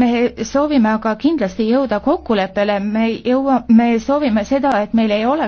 me soovime aga kindlasti jõuda kokkuleppele, me jõua, me soovime seda, et meil ei ole